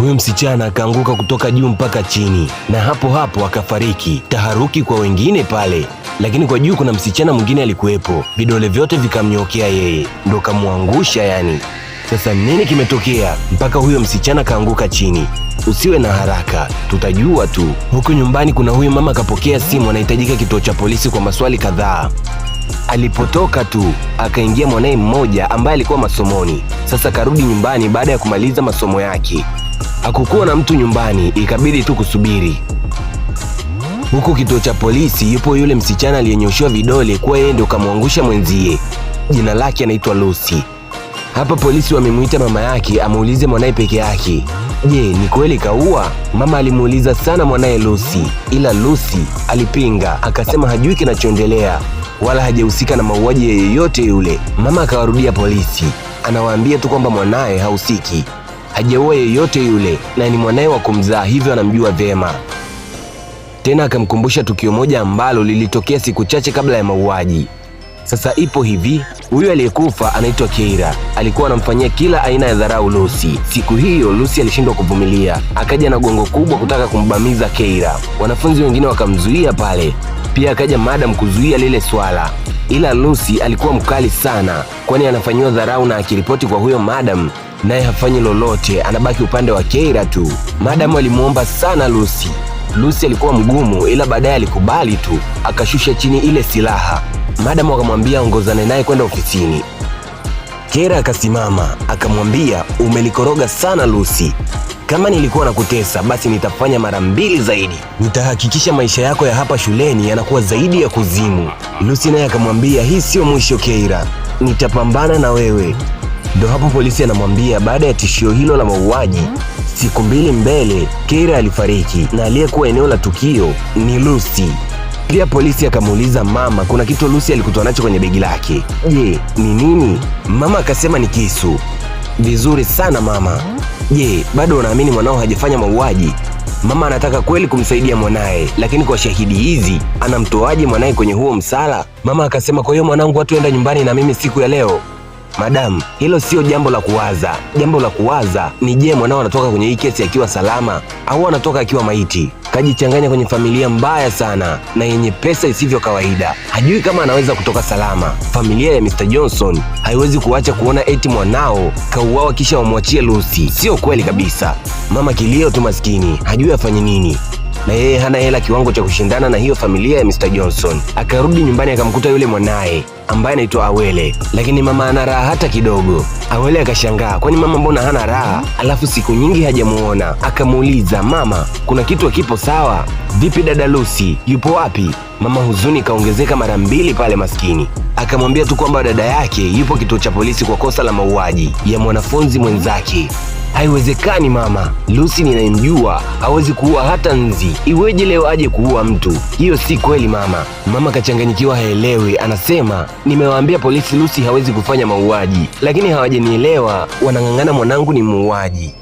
huyu msichana akaanguka kutoka juu mpaka chini, na hapo hapo akafariki. Taharuki kwa wengine pale, lakini kwa juu kuna msichana mwingine alikuwepo, vidole vyote vikamnyokea yeye, ndo kamwangusha yani. Sasa nini kimetokea mpaka huyo msichana kaanguka chini? Usiwe na haraka, tutajua tu. Huku nyumbani kuna huyu mama akapokea simu, anahitajika kituo cha polisi kwa maswali kadhaa. Alipotoka tu akaingia mwanaye mmoja ambaye alikuwa masomoni. Sasa karudi nyumbani baada ya kumaliza masomo yake hakukuwa na mtu nyumbani, ikabidi tu kusubiri. Huku kituo cha polisi, yupo yule msichana aliyenyoshiwa vidole kuwa yeye ndio kamwangusha mwenzie, jina lake anaitwa Lucy. Hapa polisi wamemwita mama yake amuulize mwanaye peke yake, je, ni kweli kaua? Mama alimuuliza sana mwanaye Lucy, ila Lucy alipinga, akasema hajui kinachoendelea wala hajahusika na mauaji ya yeyote yule. Mama akawarudia polisi, anawaambia tu kwamba mwanaye hahusiki hajaua yeyote yule na ni mwanaye wa kumzaa, hivyo anamjua vyema. Tena akamkumbusha tukio moja ambalo lilitokea siku chache kabla ya mauaji. Sasa ipo hivi, huyu aliyekufa anaitwa Keira, alikuwa anamfanyia kila aina ya dharau Lucy. Siku hiyo Lucy alishindwa kuvumilia, akaja na gongo kubwa kutaka kumbamiza Keira. Wanafunzi wengine wakamzuia pale, pia akaja madam kuzuia lile swala, ila Lucy alikuwa mkali sana, kwani anafanyiwa dharau na akiripoti kwa huyo madam naye hafanyi lolote, anabaki upande wa Keira tu. Madamu alimwomba sana Lucy. Lucy alikuwa mgumu, ila baadaye alikubali tu, akashusha chini ile silaha. Madamu akamwambia aongozane naye kwenda ofisini. Keira akasimama akamwambia, umelikoroga sana Lucy, kama nilikuwa nakutesa basi nitafanya mara mbili zaidi. Nitahakikisha maisha yako ya hapa shuleni yanakuwa zaidi ya kuzimu. Lucy naye akamwambia, hii sio mwisho Keira, nitapambana na wewe. Ndo hapo polisi anamwambia baada ya tishio hilo la mauaji, siku mbili mbele Keira alifariki na aliyekuwa eneo la tukio ni Lucy. Pia polisi akamuuliza mama, kuna kitu Lucy alikutwa nacho kwenye begi lake, je, ni nini? Mama akasema ni kisu. Vizuri sana mama. Je, bado unaamini mwanao hajafanya mauaji? Mama anataka kweli kumsaidia mwanaye, lakini kwa shahidi hizi anamtoaje mwanaye kwenye huo msala? Mama akasema, kwa hiyo mwanangu, hatuenda nyumbani na mimi siku ya leo? Madamu, hilo sio jambo la kuwaza. Jambo la kuwaza ni je, mwanao anatoka kwenye hii kesi akiwa salama au anatoka akiwa maiti? Kajichanganya kwenye familia mbaya sana na yenye pesa isivyo kawaida. Hajui kama anaweza kutoka salama. Familia ya Mr. Johnson haiwezi kuacha kuona eti mwanao kauawa kisha wamwachie Lucy. Sio kweli kabisa. Mama kilio tu maskini, hajui afanye nini na yeye hana hela kiwango cha kushindana na hiyo familia ya Mr. Johnson. Akarudi nyumbani akamkuta yule mwanaye ambaye anaitwa Awele, lakini mama ana raha hata kidogo. Awele akashangaa, kwani mama mbona hana raha? Alafu siku nyingi hajamuona. Akamuuliza, mama, kuna kitu akipo sawa? Vipi dada Lucy, yupo wapi? Mama huzuni ikaongezeka mara mbili pale maskini. Akamwambia tu kwamba dada yake yupo kituo cha polisi kwa kosa la mauaji ya mwanafunzi mwenzake. Haiwezekani mama, Lucy ninayemjua hawezi kuua hata nzi, iweje leo aje kuua mtu? Hiyo si kweli mama. Mama kachanganyikiwa, haelewi. Anasema nimewaambia polisi Lucy hawezi kufanya mauaji, lakini hawajanielewa, wanang'ang'ana mwanangu ni muuaji.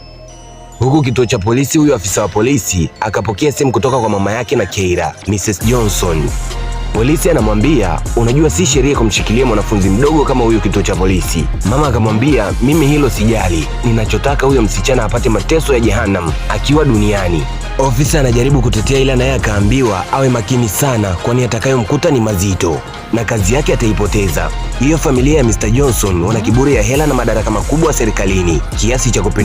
Huku kituo cha polisi, huyo afisa wa polisi akapokea simu kutoka kwa mama yake na Keira, Mrs Johnson. Polisi anamwambia unajua, si sheria kumshikilia mwanafunzi mdogo kama huyu kituo cha polisi. Mama akamwambia mimi hilo sijali, ninachotaka huyo msichana apate mateso ya jehanam akiwa duniani. Ofisa anajaribu kutetea ila naye akaambiwa awe makini sana, kwani atakayomkuta ni mazito na kazi yake ataipoteza. Hiyo familia ya Mr Johnson wana kiburi ya hela na madaraka makubwa serikalini kiasi cha kupendeza.